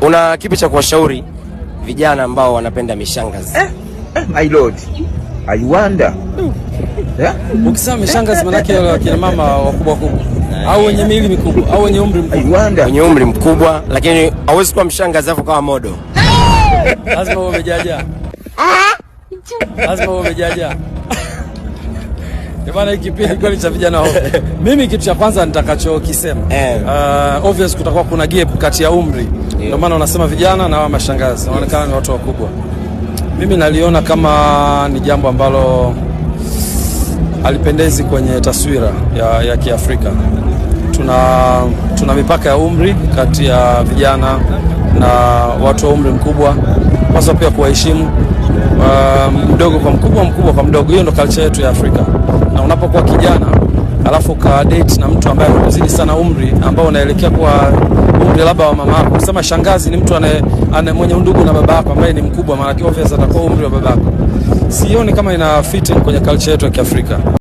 Una kipi cha kuwashauri vijana ambao wanapenda mishangazi? Eh, eh, my lord. I wonder. Yeah? Ukisema mishangazi maana yake wale wakina mama wakubwa wakubwa au wenye miili mikubwa au wenye umri mkubwa. Wenye umri mkubwa lakini hawezi kuwa mshangazi afu kama modo. Lazima uwe umejaja. Ah! Lazima uwe umejaja. Eh, bwana, hiki ilikuwa ni cha vijana wao. Mimi kitu cha kwanza nitakachokisema eh. uh, obvious kutakuwa kuna gap kati ya umri ndio yeah. Maana unasema vijana na wa mashangazi wanaonekana yes. Ni watu wakubwa. Mimi naliona kama ni jambo ambalo alipendezi kwenye taswira ya, ya Kiafrika. Tuna, tuna mipaka ya umri kati ya vijana na watu wa umri mkubwa, paswa pia kuwaheshimu uh, mdogo kwa mkubwa, mkubwa kwa mdogo. Hiyo ndo culture yetu ya Afrika na unapokuwa kijana alafu ka date na mtu ambaye amekuzidi sana umri ambao unaelekea kwa umri labda wa mama yako. kusema shangazi ni mtu ane, ane mwenye undugu na baba yako ambaye ni mkubwa, maana yake atakuwa umri wa baba yako. Sioni kama ina fit kwenye culture yetu ya Kiafrika.